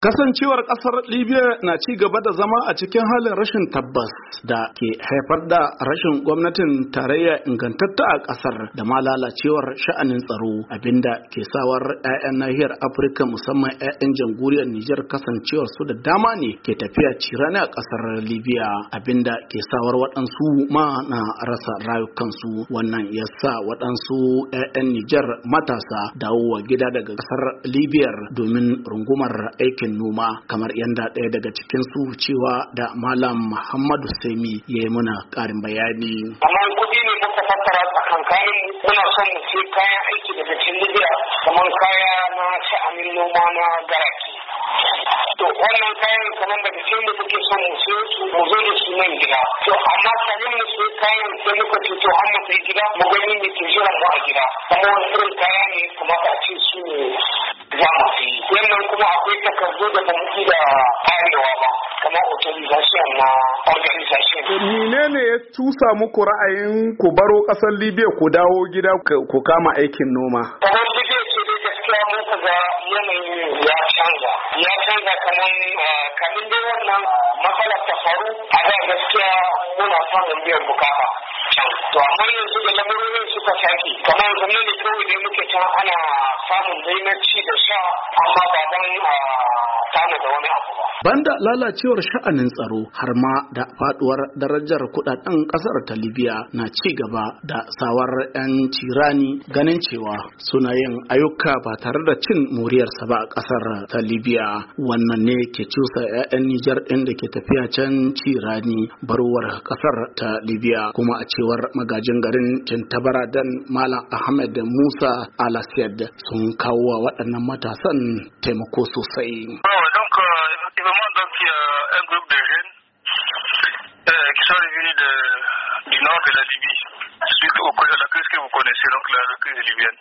Kasancewar ƙasar Libya na ci gaba da zama a cikin halin rashin tabbas da ke haifar da rashin gwamnatin tarayya ingantatta a ƙasar da ma lalacewar sha'anin tsaro abinda ke sawar 'ya'yan nahiyar Afirka musamman 'ya'yan jamhuriyar Nijar kasancewar su da dama ne ke tafiya cirani a ƙasar Libya abinda ke sawar waɗansu ma na rasa rayukansu wannan ya sa waɗansu 'ya'yan Nijar matasa dawowa gida daga ƙasar Libya domin rungumar aikin aikin noma kamar yanda ɗaya daga cikin su cewa da malam muhammadu sami ya yi muna ƙarin bayani. Amma kuɗi ne muka fassara tsakankanin muna son mu sai kayan aiki daga cikin Libya kamar kaya na sha'anin noma na garaki. to wannan kayan kamar daga cikin da kuke son mu su mu zo da su nan gida to amma kamin mu siyo kayan sai muka ce to an mu sai gida mu gani ne ke jiran mu a gida kuma wani irin kaya ne kuma a ce su ne sannan kuma akwai takardu da ba mutu da karewa ba kamar organization na organization. Menene ya tusa muku ra'ayin ku baro kasar Libya ku dawo gida ku kama aikin noma? Kamar Libya ce dai gaskiya mun ku ga yanayin ya canza. Ya canza kamar ah, kamin dai wannan ah, matsalar ta faru a da gaskiya muna samun biyan bukata. To amma yanzu da lamarorin suka sake kamar yanzu ne kawai dai muke can ana samun ci da ba don a da wani abu banda lalacewar sha'anin tsaro har ma da faduwar darajar kudaden kasar ta libya na ci gaba da sawar 'yan tirani ganin cewa suna yin ayyuka ba tare da cin moriyarsa ba a kasar ta libya wannan ne ke cusa 'ya'yan nijar ɗin da ke tafiya can cirani barwar kasar ta libya kuma a cewar magajin garin dan malam ahmed musa alasiyad sun kawo wa waɗannan matasan taimako sosai effectivement, eh, eh, donc, il y a un groupe de jeunes euh, qui sont revenus de, du nord de la Libye, suite au, à la crise que vous connaissez, donc la, la crise libyenne.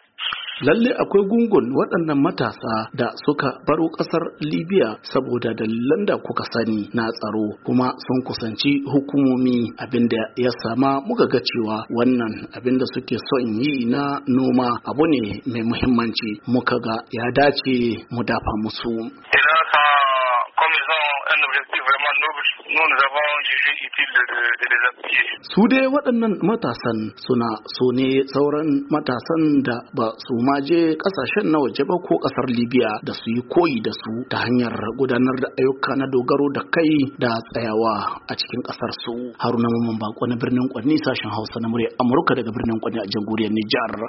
lalle akwai gungun waɗannan matasa da suka baro ƙasar libya saboda dalilan da kuka sani na tsaro kuma sun kusanci hukumomi abinda ya sama muka ga cewa wannan abinda suke son yi na noma abu ne mai muhimmanci muka ga ya dace mu dafa musu objectif vraiment Nous, nous avons jugé utile de, les appuyer. Su dai waɗannan matasan suna so ne sauran matasan da ba su maje ƙasashen na waje ba ko ƙasar Libya da su yi koyi da su ta hanyar gudanar da ayyuka na dogaro da kai da tsayawa a cikin ƙasar su. Haruna Mamman Bako na birnin Kwanni sashen Hausa na murya Amurka daga birnin Kwanni a jamhuriyar Nijar.